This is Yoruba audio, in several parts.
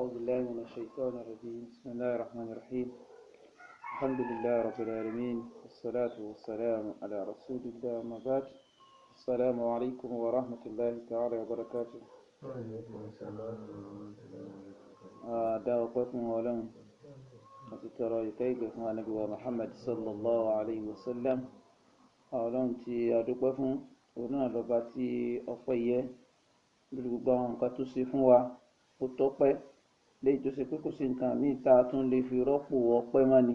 أعوذ بالله من الشيطان الرجيم بسم الله الرحمن الرحيم الحمد لله رب العالمين والصلاة والسلام على رسول الله ما بعد السلام عليكم ورحمة الله تعالى وبركاته دعوة قوتنا ولم وتترى يتيجي مع نبي محمد صلى الله عليه وسلم ọlọ́run tí a dúpẹ́ fún òun náà gbogbo àwọn nǹkan tó ṣe fún wa ó tọ́pẹ́ léyìí tó ṣe pé kò sí nǹkan míì tá a fi rọ́pò ọpẹ́ mọ́ ni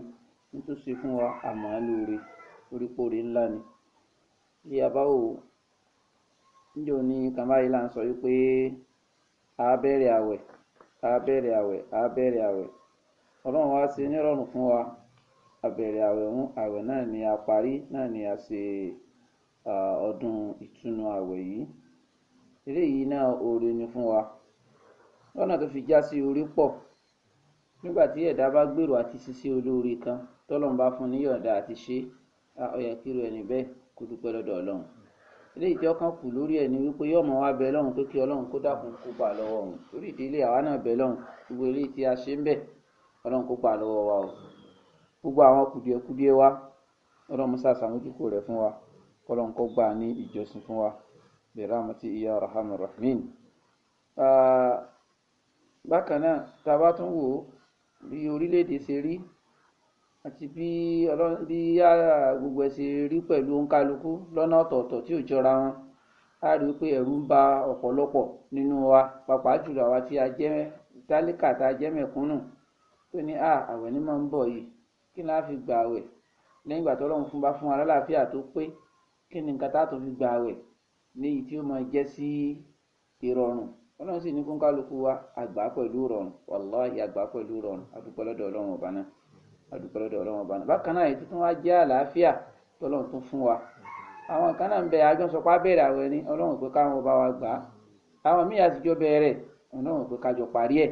nítòsí fún wa àmọ́ lóore orípòore ńlá ni bí a bá wò ó níjọ ní kan báyìí là ń sọ wípé a bẹ̀rẹ̀ àwẹ̀ a bẹ̀rẹ̀ àwẹ̀ a bẹ̀rẹ̀ àwẹ̀ ọlọ́run wá nírọ̀rùn fún wa a àwẹ̀ ń àwẹ̀ ni a parí náà ni a ṣe ọdún ìtúnu àwẹ̀ yìí eléyìí náà oore ni fún lọ́nà tó fi já sí orí pọ̀ nígbà tí ẹ̀dá bá gbèrò àti ṣiṣẹ́ olóore kan tọ́lọ́run bá fún níyọ̀ǹda àti ṣe ó yẹ kí irú ẹni bẹ́ẹ̀ kó dúpẹ́ lọ́dọ̀ ọlọ́run eléyìí tí ọkàn kù lórí ẹ̀ ni wípé yóò mọ wá bẹ lọ́run pé kí ọlọ́run kó dàkún kó bà lọ́wọ́ òun torí ìdílé àwa náà bẹ lọ́run gbogbo eléyìí tí a ṣe ń bẹ̀ ọlọ́run kó bà lọ́wọ́ wa o gbogbo àwọn kùdìẹ̀kudiẹ wa ọlọ́run musa sàmójúkò rẹ̀ fún wa kọ́lọ́run kó gbà ní ìjọsìn fún wa bẹ̀rẹ̀ àmọ́ ti ìyá rahman rahmin. Ah, bákan náà tá a bá tún wò ó bí orílẹ̀-èdè ṣe rí àti bí bí gbogbo ẹ̀ ṣe rí pẹ̀lú òǹkálukú lọ́nà ọ̀tọ̀ọ̀tọ̀ tí ò jọra wọn a rí i pé ẹ̀rù ń ba ọ̀pọ̀lọpọ̀ nínú wa pàápàá jùlọ àwa tí a jẹ́ tálíkà tá a jẹ́ mẹ̀kúnnù tó ní à àwẹ̀ ní máa ń bọ̀ yìí kí ni a fi gbà àwẹ̀ lẹ́yìn ìgbà tó lọ́run fún bá fún wa lálàáfíà tó pé kí ni nǹkan tá a tó fi gbà àwẹ̀ léyìí tí ó máa jẹ́ sí ìrọ̀rùn ọlọ́run sì ní kó kálukú wa àgbà pẹ̀lú rọrùn wàláhì àgbà pẹ̀lú rọrùn adúpẹ́ lọ́dọ̀ ọlọ́run ọba náà ọlọ́run ọba náà bákan náà èyí tuntun wa jẹ́ àlàáfíà tọ́lọ́run tún fún wa àwọn kan náà ń bẹ àjọsọpá bẹ̀rẹ̀ àwẹ̀ ni ọlọ́run pé káwọn wa gbà á àwọn míì àtijọ́ bẹ̀rẹ̀ ọlọ́run pé kájọ parí ẹ̀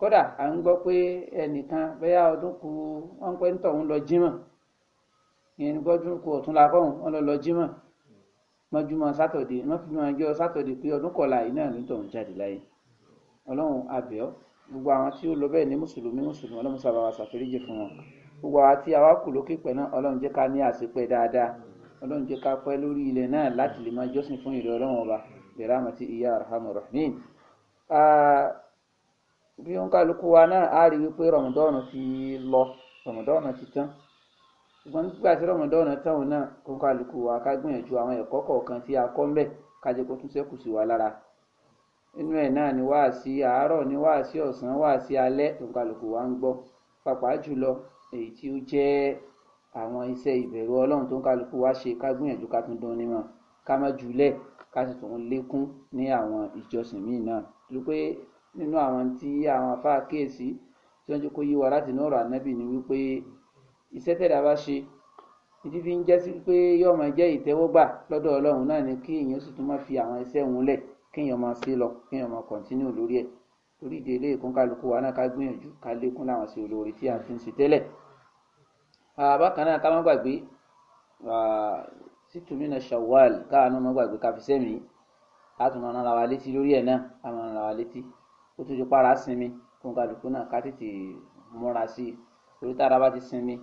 kódà à ń gbọ́ pé ẹnìkan mọ́júmọ́ sátọ̀dé mọ́júmọ́ ọjọ́ sátọ̀dé pé ọdún kọlá yìí náà nítọ̀ ń jáde láyé ọlọ́run abẹ́ọ́ gbogbo àwọn tí ó lọ bẹ́ẹ̀ ní mùsùlùmí mùsùlùmí ọlọ́run sábà wà ṣàforíjì fún wọn gbogbo àwọn tí àwa kù lókè pẹ̀ náà ọlọ́run jẹ́ ká ní àṣepẹ́ dáadáa ọlọ́run jẹ́ ká pẹ́ lórí ilẹ̀ náà láti lè máa jọ́sìn fún ìrẹ́ ọlọ́run ọba ṣùgbọ́n nígbà tí rọmọdọ́ọ̀nù táwọn náà kó kálukú wa ká gbìyànjú àwọn ẹ̀kọ́ kọ̀ọ̀kan tí a kọ́ ńbẹ̀ ká jẹ́ kó tún ṣẹ́kù sí wa lára inú ẹ̀ náà ni wáàsí àárọ̀ ni wáàsí ọ̀sán wáàsí alẹ́ tó kálukú wa ń gbọ́ pàápàá jùlọ èyí tí ó jẹ́ àwọn iṣẹ́ ìbẹ̀rù ọlọ́run tó kálukú wa ṣe ká gbìyànjú ká tún dún ní ká má jùlẹ̀ ká sì tún lékún ní àwọn ìjọsìn míì náà torí nínú àwọn tí àwọn afáàkíyèsí tí wọ́n jẹ́ kó yí wa láti inú ọ̀rọ̀ ànábì ni wípé iṣẹ́ tẹ̀dá bá ṣe títí fi ń jẹ́ sí pé yóò máa jẹ́ ìtẹ́wọ́gbà lọ́dọ̀ ọlọ́run náà ni kí èèyàn sì tún máa fi àwọn iṣẹ́ òun lẹ̀ kí èèyàn máa ṣe lọ kí èèyàn máa kọ̀ntínú lórí ẹ̀ torí ìdí eléyìí kún kálukú wa náà ká gbìyànjú ká lékún láwọn sí olórí tí a ti ń ṣe tẹ́lẹ̀ bákan náà ká má gbàgbé sítúmínà Shawwal káàánú má gbàgbé ká fi sẹ́mi á tún máa ra kún kálukú náà ká tètè múra sí i torí tára bá ti sinmi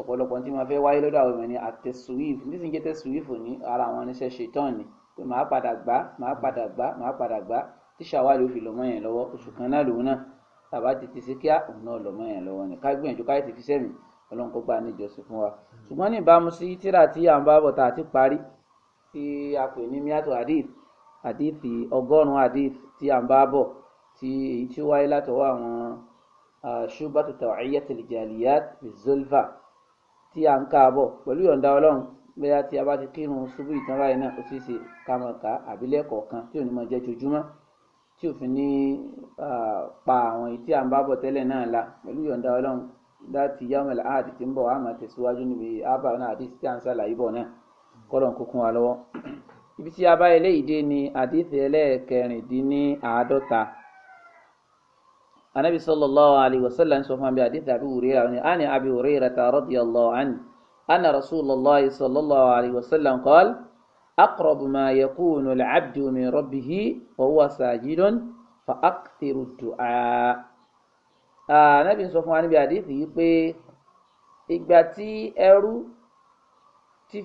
ọ̀pọ̀lọpọ̀ tí máa fẹ́ wáyé lọ́dọ̀ àwọn èèyàn ni àtẹ̀sùwìf nísìnyí jẹ́ tẹ̀sùwìf ní ara àwọn oníṣẹ́ ṣetán ni pé màá padà gbá màá padà gbá màá padà gbá tí ṣàwálì ó fi lọ́mọ yẹn lọ́wọ́ oṣù kan náà lòun náà tàbá ti ti sí kíá òun náà lọ́mọ yẹn lọ́wọ́ ni ká gbìyànjú ká ti fi sẹ́mi ọlọ́run kó gbà níjọsìn fún wa ṣùgbọ́n ní ìbámu sí tíra tí à ń bá bọ̀ tá a ṣubatu ah, tawhiyatil jaliyat bizulfa tí à ń ká a bọ̀ pẹ̀lú yọ̀ǹda ọlọ́run bóyá tí a bá ti kírun ṣubú ìtàn báyìí náà ó sì ṣe ká máa kà á àbí lẹ́ẹ̀kọ̀ọ̀kan tí ò ní máa jẹ́ jojúmọ́ tí òfin ní pa àwọn èyí tí à ń bá bọ̀ tẹ́lẹ̀ náà la pẹ̀lú yọ̀ǹda ọlọ́run láti yàmẹ̀lẹ̀ áàdì tí ń bọ̀ àmọ́ tẹ̀síwájú níbi ábà náà àdìs tí à ń ṣàlàyé bọ̀ náà kọ́lọ̀ ń kókún wa lọ́wọ́ ibi tí a bá eléyìí dé ni àdìs ẹlẹ́ẹ̀kẹrìndínláàádọ́ta anabi sallallahu alayhi wa sallam sọ fún mi àdìsí àbí wùrẹ́rà ni àni àbí wùrẹ́rà ta radiyallahu anhu anna rasulallah sallallahu alayhi wa sallam qala aqrabu ma yakunu al-abdu min rabbihi wa huwa sajidun fa akthiru du'a. anabi sọ fún wa níbi àdìsí yìí pé ìgbà tí ẹrú ti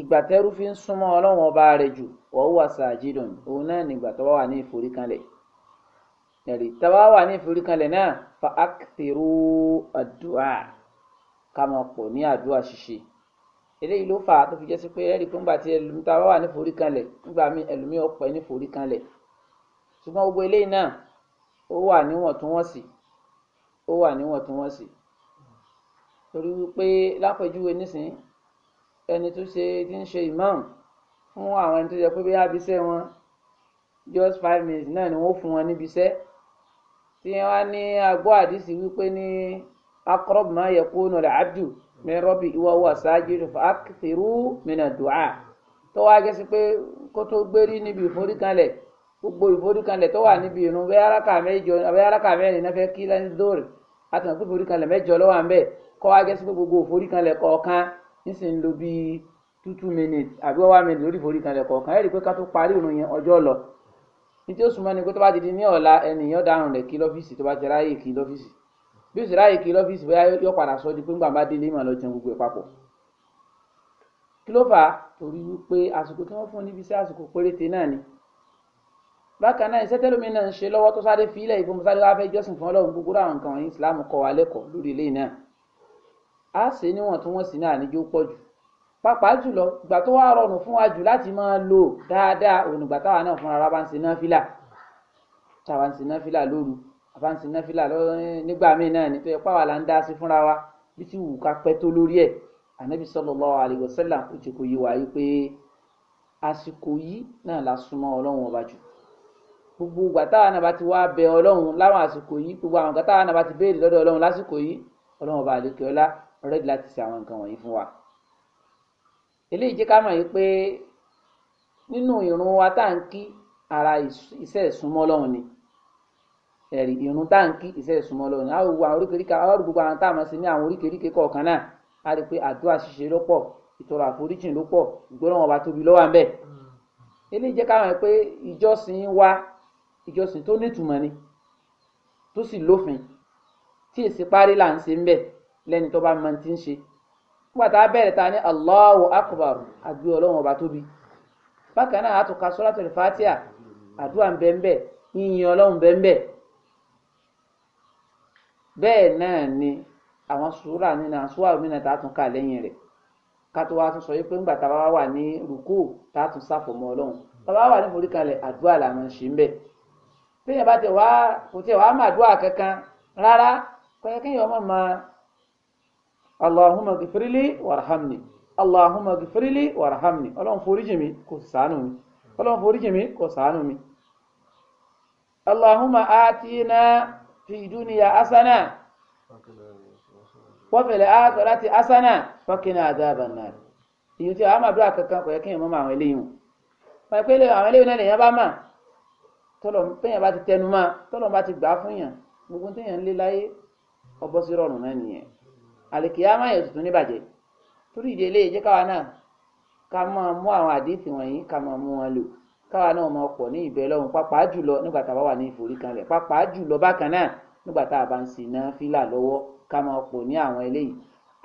ìgbà tẹ́rú fi ń súnmọ́ ọlọ́run ọba rẹ̀ jù wọ́n wà sàájìdùn òun náà nígbà tó wà ní ìforíkanlẹ̀ ẹ̀rí tó bá wà ní ìforíkanlẹ̀ náà fa akitero àdúrà ká máa pọ̀ ní àdúrà ṣíṣe eléyìí ló fà á tó fi jẹ́ sí pé ẹ̀rí pé ńgbà tí ẹlòmíì tá a bá wà ní ìforíkanlẹ̀ ńgbà mí ẹlòmíì ọ̀pọ̀ ní ìforíkanlẹ̀ ṣùgbọ́n gbogbo eléyìí náà ó wà níwọ̀ntúnwọ̀nsì ó wà níwọ̀ntúnwọ̀nsì torí wípé lápẹjúwe nísìnyí ẹni tó ṣe ti ń ṣe imam fún àwọn ẹni tó yẹ pé bí abiṣẹ́ wọn just five minutes náà ni wọ́n fún wọn níbi iṣẹ́ tí wọ́n á ní agbọ́ àdìsí wípé ní akọ́rọ́bù máa yẹ kó nù rẹ̀ abdu min rabbi ìwà wà ṣáájú rẹ̀ fàákìtìrú mina du'a tó wá gẹ́sí pé kó tó gbérí níbi ìforíkanlẹ̀ gbogbo ìforíkanlẹ̀ tó wà níbi ìrun bẹ́ẹ̀ aráka mẹ́jọ bẹ́ẹ̀ aráka mẹ́rin náà fẹ́ kí lẹ́ni dóòrè àtàkùn ìforíkanlẹ̀ mẹ́jọ lọ́wọ́ à ń bẹ̀ kọ́ wá gẹ́sí pé gbogbo ìforíkanlẹ̀ kọ̀ọ̀kan nísìnyí ló bí two two minutes àbí one minute lórí ìforíkanlẹ̀ kọ̀ọ̀kan ẹ̀ rí i pé ká tó parí ìrun yẹn ọjọ́ lọ ní tí ó súnmọ́ ni pé tó bá ti di ní ọ̀la ẹnìyàn dárùn rẹ̀ kí lọ́fíìsì tó bá ti ráyè kí lọ́fíìsì bí ó sì ráyè kí lọ́fíìsì bóyá yóò padà sọ di pé ńgbà bá délé ìmọ̀ lọ jẹun gbogbo ẹ̀ papọ̀ kí ló fà á torí wípé àsìkò tí wọ́n fún níbi iṣẹ́ àsìkò péréte náà ni bákan náà iṣẹ́ tẹ́lómi náà ń ṣe lọ́wọ́ tó sáré fi ilẹ̀ ìfowópamọ́ wá fẹ́ jọ́sìn fún Ọlọ́run gbogbo àwọn nǹkan wọ̀nyí Islam kọ́ wa lẹ́kọ̀ọ́ lórí náà á ṣe níwọ̀ntúnwọ̀nsì náà níjó pọ̀ jù pàápàá jùlọ ìgbà tó wá rọrùn fún wa jù láti máa lò dáadáa ònùgbà táwa náà fúnra ara bá ń ṣe náfìlà táwa ń ṣe náfìlà lóru àbá ń ṣe náfìlà nígbà míì náà ní tó yẹ pàwọ́ là ń dá sí fúnra wa bí tí wù ká pẹ́ tó lórí ẹ̀ ànábì sallallahu alaihi wasallam ó ti kò yé wa yìí pé àsìkò yìí náà la súnmọ́ ọlọ́run ọba jù gbogbo ìgbà táwa náà bá ti wá bẹ ọlọ́run láwọn àsìkò yìí gbogbo àwọn ìgbà táwa náà bá ti béèrè lọ́dọ̀ ọlọ́run lásìkò yìí ọlọ́run ọba àlekè rẹ́dí láti ṣe àwọn nǹkan wọ̀nyí fún wa eléyìí jẹ́ ká mọ̀ yìí pé nínú ìrun wa tá à ń kí ara iṣẹ́ ìsúnmọ́ Ọlọ́run ni ẹ̀rí ìrun tá à ń kí iṣẹ́ ìsúnmọ́ Ọlọ́run ni a wo àwọn oríkèéríkèé àwọn gbogbo àwọn tá a máa ṣe ní àwọn oríkèéríkèé kọ̀ọ̀kan náà a rí i pé àdúrà ṣíṣe ló pọ̀ ìtọrọ àforíjìn ló pọ̀ ìgbọ́ràn wọn bá tóbi lọ́wọ́ àbẹ́ eléyìí jẹ́ káwọn pé ìjọsìn wa ìjọsìn tó nítumọ̀ ni tó sì lófin tí èsì parí là ń ṣe ń bẹ́ẹ̀ lẹ́ni tó bá mọ ti ń ṣe nígbà tá a bẹ̀rẹ̀ ta ní Allahu akbar àgbé ọlọ́run ọba tóbi bákan náà a tún ka suratul Fatiha àdúrà ń bẹ́ẹ̀ yíyin ọlọ́run bẹ́ẹ̀ bẹ́ẹ̀ náà ni àwọn sùúrà nínú àṣùwà òmìnira tá a tún kà lẹ́yìn rẹ̀ ká tó wá tún sọ wípé ńgbà táwa wà ní rúkú tá a tún ṣàfòmọ́ ọlọ́run táwa wà ní foríkalẹ̀ àdúrà làwọn ṣe ń bẹ̀ bẹ́ẹ̀ bá tẹ̀ wá kò tẹ̀ wá màdúrà kankan rárá kọ́yẹ́ Allahumma gifirili warhamni Allahumma gifirili warhamni ọlọ́run foríjì mi kò ṣàánú mi ọlọ́run foríjì mi kò ṣàánú mi. Allahumma atina fi dunya hasana wa fil akhirati hasana wa qina adhaban nar èyí tí àwọn àdúrà kankan kò yẹ kí èèyàn mọ àwọn eléyìí wọn wọn pe àwọn eléyìí náà lèèyàn bá mà tọlọ péyàn bá ti tẹnu mọ́ tọlọ bá ti gbà fún yàn gbogbo téèyàn ń lé láyé ọbọ sí rọrùn náà nìyẹn àlìkìyàmá yóò tuntun níbàjẹ́ torí ìdí eléyìí jẹ́ káwa náà ká máa mú àwọn àdéhìí wọ̀nyí ká máa mú wọn lò káwa náà máa pọ̀ ní ìbẹ̀ lọ́hùn pàápàá jùlọ nígbà tá a bá wà ní ìforíkanlẹ̀ pàápàá jùlọ bákan náà nígbà tá a bá ń sin náà fílà lọ́wọ́ ká máa pọ̀ ní àwọn eléyìí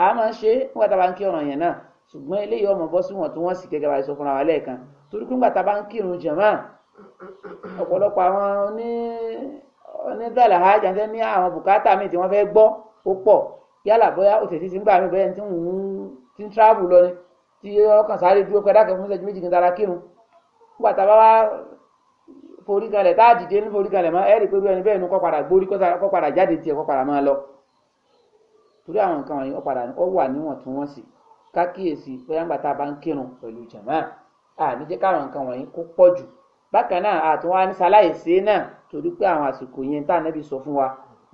a máa ṣe nígbà tá a bá ń kí ọ̀ràn yẹn náà ṣùgbọ́n eléyìí ọmọ bọ́ sí tí wọ́n sì gẹ́gẹ́ bá sọ fúnra wa lẹ́ẹ̀kan torí pé nígbà tá a bá ń kírun jàmá ọ̀pọ̀lọpọ̀ àwọn onídàlàhájà ní àwọn bùkátà míì tí wọ́n fẹ́ gbọ́ ó pọ̀ yálà bóyá ó tètè ti ń gbà mí bẹ́ẹ̀ tí ń ti ń tíráàbù lọ ni tí ọkàn sáré dúró pẹ́ dákẹ́ fún ìṣẹ́jú méjì kí n tara kírun nígbà tá a bá wá forí kalẹ̀ tá a dìde ní forí kalẹ̀ mọ́ ẹ rí i pé bí ẹni bẹ́ẹ̀ nu kọ́ padà gbórí kọ́ padà jáde tiẹ̀ kọ́ padà máa lọ torí àwọn nǹkan wọ̀nyí ọ̀padà ó wà níwọ̀ntúnwọ̀nsì ká kíyèsí bóyá ńgbà tá a bá ń kírun pẹ̀lú jàmáà àní jẹ́ káwọn nǹkan wọ̀nyí kó pọ̀ jù bákan náà àtúnwá ní sáláìsí náà torí pé àwọn àsìkò yẹn tá a nẹ́bi sọ fún wa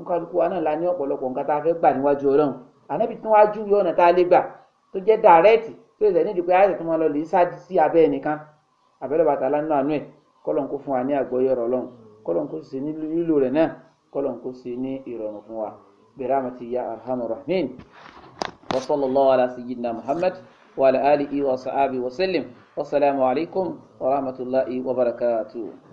nkálukú wa náà la ní ọ̀pọ̀lọpọ̀ nǹkan tá a fẹ́ gbà níwájú ọlọ́run ànábì tí wọ́n á júwe ọ̀nà tá a lè gbà tó jẹ́ dàrẹ́ẹ̀tì tó ìṣẹ̀ nídìí pé àìsàn tó máa lọ lè sáájú sí abẹ́ ẹnìkan àbẹ́lẹ̀ bàtà lánàá àánú ẹ̀ kọ́lọ́n kó fún wa ní àgbọ́yé ọ̀rọ̀ ọlọ́run kọ́lọ́n kó sì ní lílo rẹ̀ náà kọ́lọ́n kó sì ní ìrọ̀rùn fún wa biramati ya